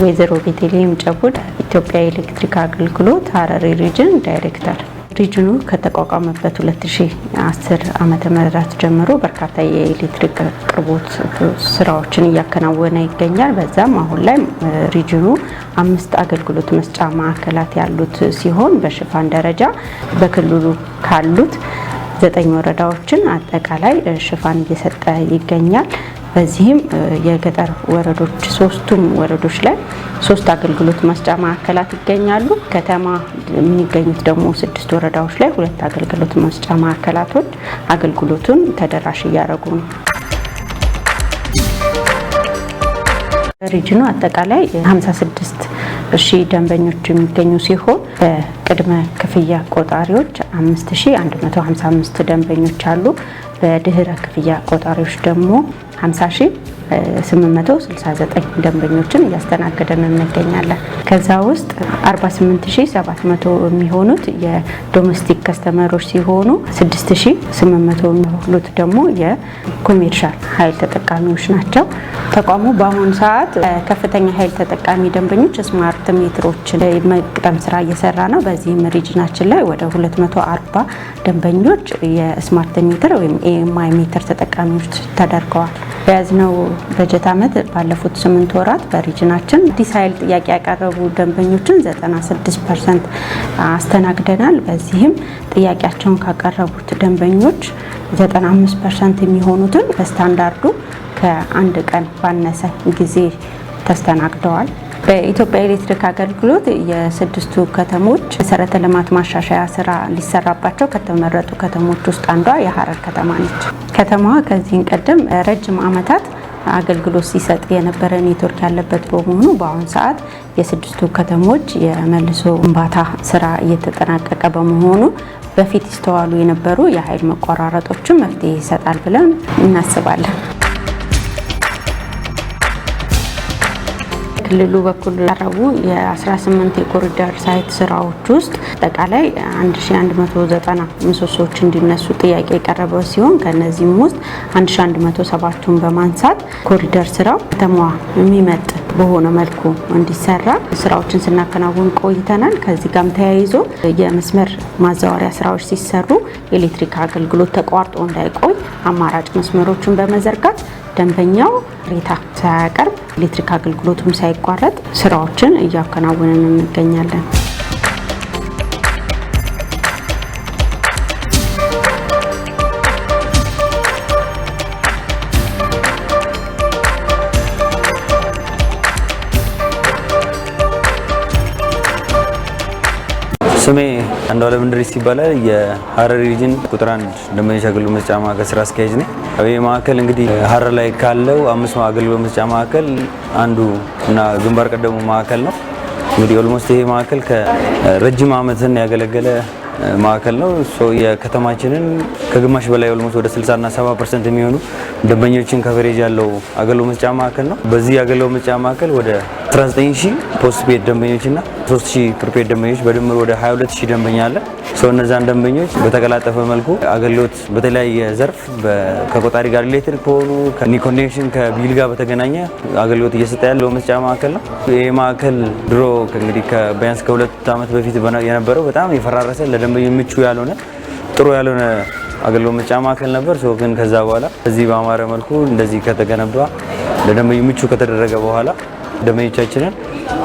ወይዘሮ ቤተልሔም ጨቡድ ኢትዮጵያ ኤሌክትሪክ አገልግሎት ሀረሪ ሪጅን ዳይሬክተር። ሪጅኑ ከተቋቋመበት 2010 ዓመተ ምህረት ጀምሮ በርካታ የኤሌክትሪክ አቅርቦት ስራዎችን እያከናወነ ይገኛል። በዛም አሁን ላይ ሪጅኑ አምስት አገልግሎት መስጫ ማዕከላት ያሉት ሲሆን በሽፋን ደረጃ በክልሉ ካሉት ዘጠኝ ወረዳዎችን አጠቃላይ ሽፋን እየሰጠ ይገኛል። በዚህም የገጠር ወረዶች ሶስቱም ወረዶች ላይ ሶስት አገልግሎት መስጫ ማዕከላት ይገኛሉ። ከተማ የሚገኙት ደግሞ ስድስት ወረዳዎች ላይ ሁለት አገልግሎት መስጫ ማዕከላቶች አገልግሎቱን ተደራሽ እያደረጉ ነው። በሪጅኑ አጠቃላይ 56 ሺህ ደንበኞች የሚገኙ ሲሆን በቅድመ ክፍያ ቆጣሪዎች 5155 ደንበኞች አሉ። በድህረ ክፍያ ቆጣሪዎች ደግሞ 50 869 ደንበኞችን እያስተናገደን እንገኛለን። ከዛ ውስጥ 48700 የሚሆኑት የዶሜስቲክ ከስተመሮች ሲሆኑ 6800 የሚሆኑት ደግሞ የኮሜርሻል ኃይል ተጠቃሚዎች ናቸው። ተቋሙ በአሁኑ ሰዓት ከፍተኛ ኃይል ተጠቃሚ ደንበኞች ስማርት ሜትሮችን መቅጠም ስራ እየሰራ ነው። በዚህም ሪጅናችን ላይ ወደ 240 ደንበኞች የስማርት ሜትር ወይም ኤኤምአይ ሜትር ተጠቃሚዎች ተደርገዋል። በያዝነው በጀት ዓመት ባለፉት ስምንት ወራት በሪጅናችን አዲስ ኃይል ጥያቄ ያቀረቡ ደንበኞችን 96 ፐርሰንት አስተናግደናል። በዚህም ጥያቄያቸውን ካቀረቡት ደንበኞች 95 ፐርሰንት የሚሆኑትን በስታንዳርዱ ከአንድ ቀን ባነሰ ጊዜ ተስተናግደዋል። በኢትዮጵያ ኤሌክትሪክ አገልግሎት የስድስቱ ከተሞች መሰረተ ልማት ማሻሻያ ስራ ሊሰራባቸው ከተመረጡ ከተሞች ውስጥ አንዷ የሀረር ከተማ ነች። ከተማዋ ከዚህን ቀደም ረጅም ዓመታት አገልግሎት ሲሰጥ የነበረ ኔትወርክ ያለበት በመሆኑ በአሁኑ ሰዓት የስድስቱ ከተሞች የመልሶ ግንባታ ስራ እየተጠናቀቀ በመሆኑ በፊት ይስተዋሉ የነበሩ የኃይል መቆራረጦችን መፍትሄ ይሰጣል ብለን እናስባለን። በክልሉ በኩል ያቀረቡ የ18 የኮሪደር ሳይት ስራዎች ውስጥ አጠቃላይ 1190 ምሰሶዎች እንዲነሱ ጥያቄ የቀረበ ሲሆን ከእነዚህም ውስጥ 1107ቱን በማንሳት ኮሪደር ስራው ከተማዋ የሚመጥ በሆነ መልኩ እንዲሰራ ስራዎችን ስናከናውን ቆይተናል። ከዚህ ጋም ተያይዞ የመስመር ማዛወሪያ ስራዎች ሲሰሩ ኤሌክትሪክ አገልግሎት ተቋርጦ እንዳይቆይ አማራጭ መስመሮችን በመዘርጋት ደንበኛው ቅሬታ ሳያቀርብ ኤሌክትሪክ አገልግሎቱም ሳይቋረጥ ስራዎችን እያከናወንን እንገኛለን። ስሜ አንዱ አለም ድሪስ ይባላል። የሀረር ሪጅን ቁጥር አንድ ደንበኛ አገልግሎት መስጫ ማዕከል ስራ አስኪያጅ ነኝ። ይህ ማዕከል እንግዲህ ሀረር ላይ ካለው አምስት አገልግሎት መስጫ ማዕከል አንዱ እና ግንባር ቀደሙ ማዕከል ነው። እንግዲህ ኦልሞስት ይሄ ማዕከል ከረጅም ዓመትን ያገለገለ ማዕከል ነው። የከተማችንን ከግማሽ በላይ ኦልሞስት ወደ 60 እና 70 ፐርሰንት የሚሆኑ ደንበኞችን ከቨሬጅ ያለው አገልግሎት መስጫ ማዕከል ነው። በዚህ አገልግሎት መስጫ ማዕከል ወደ 19000 ፖስት ፔድ ደንበኞች እና 3000 ፕሪፔድ ደንበኞች በድምር ወደ 22000 ደንበኛ አለ። ሰው እነዛን ደንበኞች በተቀላጠፈ መልኩ አገልግሎት በተለያየ ዘርፍ ከቆጣሪ ጋር ሪሌትድ ከሆኑ ከኒኮኔክሽን ከቢል ጋር በተገናኘ አገልግሎት እየሰጠ ያለ መስጫ ማዕከል ነው። ይህ ማዕከል ድሮ እንግዲህ ቢያንስ ከሁለት ዓመት በፊት የነበረው በጣም የፈራረሰ ለደንበኞች ምቹ ያልሆነ ጥሩ ያልሆነ አገልግሎት መስጫ ማዕከል ነበር። ሰው ግን ከዛ በኋላ እዚህ በአማረ መልኩ እንደዚህ ከተገነባ ለደንበኞች ምቹ ከተደረገ በኋላ ደመኞቻችንን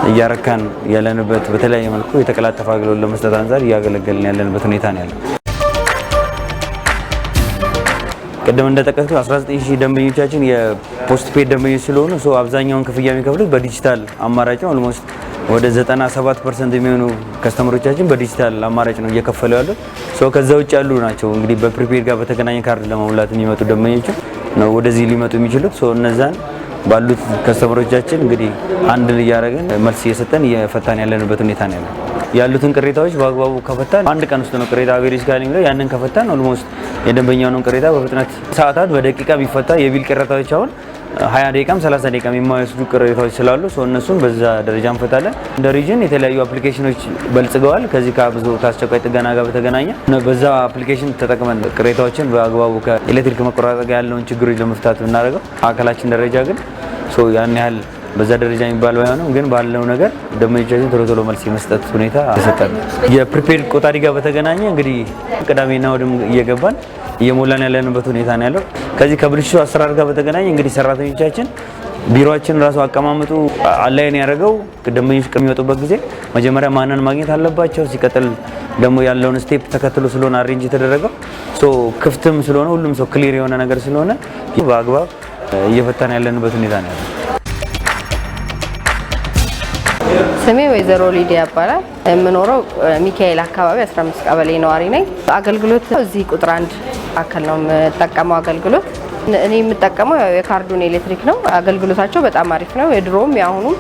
እያረካን ያለንበት በተለያየ መልኩ የተቀላጠፈ አገልግሎት ለመስጠት አንጻር እያገለገልን ያለንበት ሁኔታ ነው ያለው። ቅድም እንደጠቀስኩ 19000 ደንበኞቻችን የፖስት ፔድ ደንበኞች ስለሆኑ ሰው አብዛኛውን ክፍያ የሚከፍሉት በዲጂታል አማራጭ ነው። ኦልሞስት ወደ 97% የሚሆኑ ከስተመሮቻችን በዲጂታል አማራጭ ነው እየከፈሉ ያሉት። ሰው ከዛ ውጭ ያሉ ናቸው እንግዲህ በፕሪፔድ ጋር በተገናኘ ካርድ ለመሙላት የሚመጡ ደንበኞች ነው ወደዚህ ሊመጡ የሚችሉት እነዛን ባሉት ከስተመሮቻችን እንግዲህ አንድን እያደረግን መልስ እየሰጠን እየፈታን ያለንበት ሁኔታ ነው ያሉትን ቅሬታዎች በአግባቡ ከፈታን አንድ ቀን ውስጥ ነው ቅሬታ አቬሬጅ ጋር የሚለው ያንን ከፈታን ኦልሞስት የደንበኛውን ቅሬታ በፍጥነት ሰዓታት በደቂቃ ቢፈታ የቢል ቅሬታዎች አሁን ሀያ ደቂቃም ሰላሳ ደቂቃም የማይወስዱ ቅሬታዎች ስላሉ ሰው እነሱን በዛ ደረጃ እንፈታለን። እንደ ሪጅን የተለያዩ አፕሊኬሽኖች በልጽገዋል። ከዚህ ከብዙ ከአስቸኳይ ጥገና ጋር በተገናኘ በዛ አፕሊኬሽን ተጠቅመን ቅሬታዎችን በአግባቡ ከኤሌክትሪክ መቆራረጥ ጋር ያለውን ችግሮች ለመፍታት ብናደርገው አካላችን ደረጃ ግን ያን ያህል በዛ ደረጃ የሚባል ባይሆንም ግን ባለው ነገር ደመኞቻችን ቶሎ ቶሎ መልስ የመስጠት ሁኔታ ተሰጠን። የፕሪፔድ ቆጣሪ ጋር በተገናኘ እንግዲህ ቅዳሜና ወድም እየገባን እየሞላን ያለንበት ሁኔታ ነው ያለው። ከዚህ ከብልሹ አሰራር ጋር በተገናኘ እንግዲህ ሰራተኞቻችን ቢሮችን ራሱ አቀማመጡ አላይን ያደረገው ደመኞች ከሚወጡበት ጊዜ መጀመሪያ ማንን ማግኘት አለባቸው፣ ሲቀጥል ደግሞ ያለውን ስቴፕ ተከትሎ ስለሆነ አሬንጅ የተደረገው ክፍትም ስለሆነ ሁሉም ሰው ክሊር የሆነ ነገር ስለሆነ በአግባብ እየፈታን ያለንበት ሁኔታ ነው ያለው። ስሜ ወይዘሮ ሊዲያ ይባላል። የምኖረው ሚካኤል አካባቢ 15 ቀበሌ ነዋሪ ነኝ። አገልግሎት እዚህ ቁጥር አንድ አካል ነው የምጠቀመው አገልግሎት እኔ የምጠቀመው የካርዱን ኤሌክትሪክ ነው። አገልግሎታቸው በጣም አሪፍ ነው። የድሮውም የአሁኑም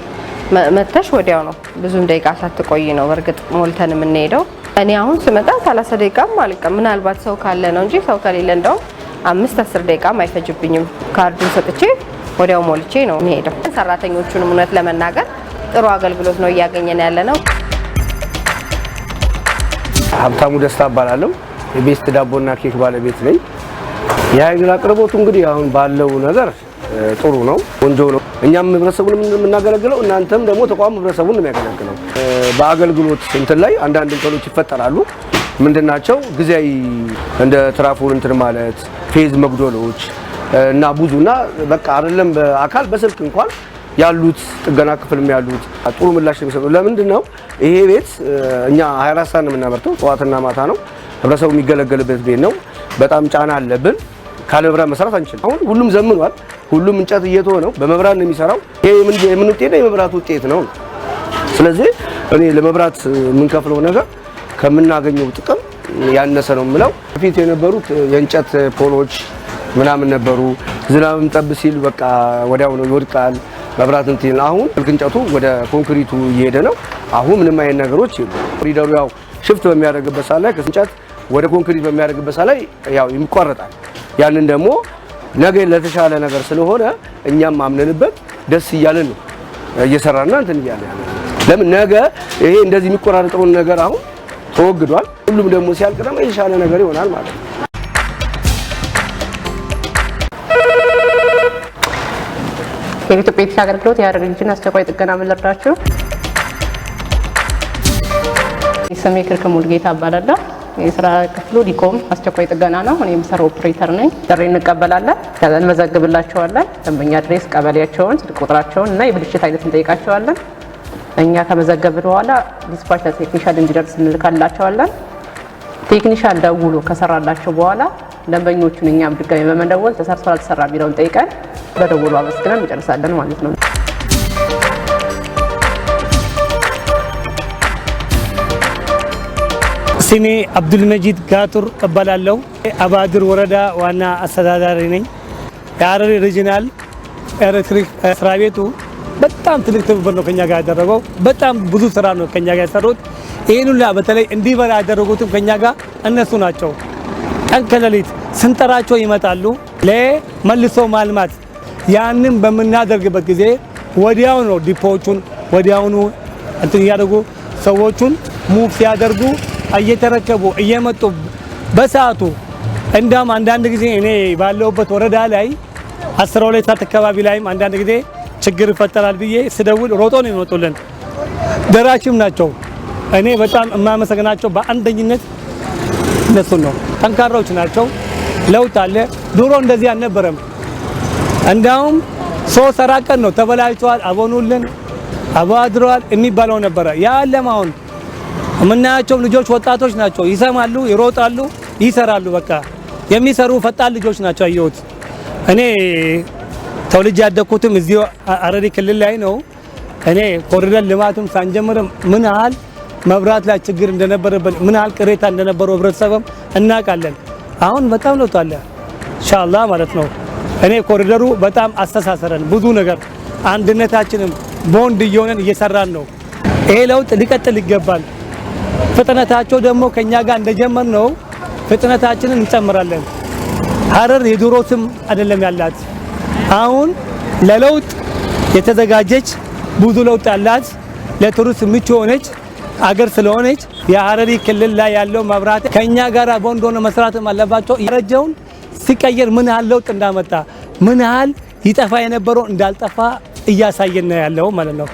መተሽ ወዲያው ነው፣ ብዙም ደቂቃ ሳትቆይ ነው በእርግጥ ሞልተን የምንሄደው። እኔ አሁን ስመጣ ሰላሳ ደቂቃም አልቀም። ምናልባት ሰው ካለ ነው እንጂ ሰው ከሌለ እንደውም አምስት አስር ደቂቃም አይፈጅብኝም። ካርዱን ሰጥቼ ወዲያው ሞልቼ ነው የሚሄደው። ሰራተኞቹንም እውነት ለመናገር ጥሩ አገልግሎት ነው እያገኘን ያለ ነው። ሀብታሙ ደስታ እባላለሁ። የቤስት ዳቦና ኬክ ባለቤት ነኝ። የአይግል አቅርቦቱ እንግዲህ አሁን ባለው ነገር ጥሩ ነው፣ ቆንጆ ነው። እኛም ህብረተሰቡን የምናገለግለው እናንተም ደግሞ ተቋም ህብረተሰቡን ነው የሚያገለግለው። በአገልግሎት እንትን ላይ አንዳንድ እንከኖች ይፈጠራሉ። ምንድናቸው? ጊዜያዊ እንደ ትራፉን እንትን ማለት ፌዝ መጉደሎች እና ብዙ እና በቃ አይደለም በአካል በስልክ እንኳን ያሉት ጥገና ክፍልም ያሉት ጥሩ ምላሽ የሚሰጡ ለምንድን ነው ይሄ ቤት እኛ 24 ሰዓት ነው የምናመርተው፣ ጠዋትና ማታ ነው። ህብረተሰቡ የሚገለገልበት ቤት ነው። በጣም ጫና አለብን። ካለ መብራት መስራት አንችልም። አሁን ሁሉም ዘምኗል። ሁሉም እንጨት እየተሆነ ነው፣ በመብራት ነው የሚሰራው። ይሄ የምን ውጤት ነው? የመብራት ውጤት ነው። ስለዚህ እኔ ለመብራት የምንከፍለው ነገር ከምናገኘው ጥቅም ያነሰ ነው የምለው። በፊት የነበሩት የእንጨት ፖሎች ምናምን ነበሩ። ዝናብም ጠብ ሲል በቃ ወዲያው ነው ይወድቃል። መብራት እንትን አሁን ልክ እንጨቱ ወደ ኮንክሪቱ እየሄደ ነው። አሁን ምንም አይነት ነገሮች ኮሪደሩ ያው ሽፍት በሚያደርግበት ሰዓት ላይ ከእንጨት ወደ ኮንክሪት በሚያደርግበት ሰዓት ላይ ያው ይቋረጣል። ያንን ደግሞ ነገ ለተሻለ ነገር ስለሆነ እኛም አምነንበት ደስ እያለን ነው እየሰራና እንትን እያለ ለምን ነገ ይሄ እንደዚህ የሚቆራረጠውን ነገር አሁን ተወግዷል። ሁሉም ደግሞ ሲያልቅ ደግሞ የተሻለ ነገር ይሆናል ማለት ነው። የኢትዮጵያ ኤቲክ አገልግሎት የሀረሪ አስቸኳይ ጥገና ምን ልርዳችሁ? ስሜ ክርክ ሙልጌታ እባላለሁ። የስራ ክፍሉ ዲኮም አስቸኳይ ጥገና ነው። እኔ የምሰራው ኦፕሬተር ነኝ። ጥሪ እንቀበላለን፣ ከዛ እንመዘግብላቸዋለን። ደንበኛ ድሬስ፣ ቀበሌያቸውን፣ ስልክ ቁጥራቸውን እና የብልሽት አይነት እንጠይቃቸዋለን። እኛ ከመዘገብን በኋላ ዲስፓች ለቴክኒሻል እንዲደርስ እንልካላቸዋለን። ቴክኒሻል ደውሎ ከሰራላቸው በኋላ ደንበኞቹን እኛም ድጋሚ በመደወል ተሰርቶ አልተሰራ የሚለውን ጠይቀን በደውሉ አመስግነን እንጨርሳለን ማለት ነው። ስሜ አብዱልመጂድ ጋቱር እባላለሁ። አባድር ወረዳ ዋና አስተዳዳሪ ነኝ። የሀረሪ ሪጂናል ኤሌክትሪክ ስራ ቤቱ በጣም ትልቅ ትብብር ነው ከኛ ጋር ያደረገው። በጣም ብዙ ስራ ነው ከኛ ጋር የሰሩት። ይህን ሁላ በተለይ እንዲበላ ያደረጉትም ከኛ ጋር እነሱ ናቸው። ቀን ከሌሊት ስንጠራቸው ይመጣሉ። ለመልሶ ማልማት ያንን በምናደርግበት ጊዜ ወዲያው ነው ዲፖዎቹን ወዲያውኑ እንትን እያደረጉ ሰዎቹን ሙቭ ሲያደርጉ እየተረከቡ እየመጡ በሰዓቱ እንዳም አንዳንድ ጊዜ እኔ ባለሁበት ወረዳ ላይ አስራ ሁለት ሰዓት አካባቢ ላይም አንዳንድ ጊዜ ችግር ይፈጠራል ብዬ ስደውል ሮጦ ነው ይመጡልን። ደራሽም ናቸው። እኔ በጣም የማመሰግናቸው በአንደኝነት እነሱ ነው። ጠንካራዎች ናቸው። ለውጥ አለ። ድሮ እንደዚህ አልነበረም። እንዳውም ሶስት አራት ቀን ነው ተበላሽቷል፣ አቦኑልን፣ አባድረዋል የሚባለው ነበረ። ያለም አሁን የምናያቸው ልጆች ወጣቶች ናቸው። ይሰማሉ፣ ይሮጣሉ፣ ይሰራሉ። በቃ የሚሰሩ ፈጣን ልጆች ናቸው። አየሁት እኔ ተወልጄ ያደግኩትም እዚሁ አረሪ ክልል ላይ ነው። እኔ ኮሪደር ልማቱም ሳንጀምርም ምን ያህል መብራት ላይ ችግር እንደነበረብን ምን ያህል ቅሬታ እንደነበረው ህብረተሰብም እናውቃለን። አሁን በጣም ለውጧል ኢንሻአላ ማለት ነው። እኔ ኮሪደሩ በጣም አስተሳሰረን ብዙ ነገር አንድነታችንም ቦንድ እየሆነን እየሰራን ነው። ይሄ ለውጥ ሊቀጥል ይገባል። ፍጥነታቸው ደግሞ ከኛ ጋር እንደጀመር ነው። ፍጥነታችንን እንጨምራለን። ሀረር የድሮ ስም አይደለም ያላት አሁን ለለውጥ የተዘጋጀች ብዙ ለውጥ ያላት ለቱሪስት ምቹ ሆነች አገር ስለሆነች የሀረሪ ክልል ላይ ያለው መብራት ከእኛ ጋር በወንድ ሆነ መስራትም አለባቸው። የረጀውን ሲቀየር ምን ያህል ለውጥ እንዳመጣ ምን ያህል ይጠፋ የነበረው እንዳልጠፋ እያሳየን ያለው ማለት ነው።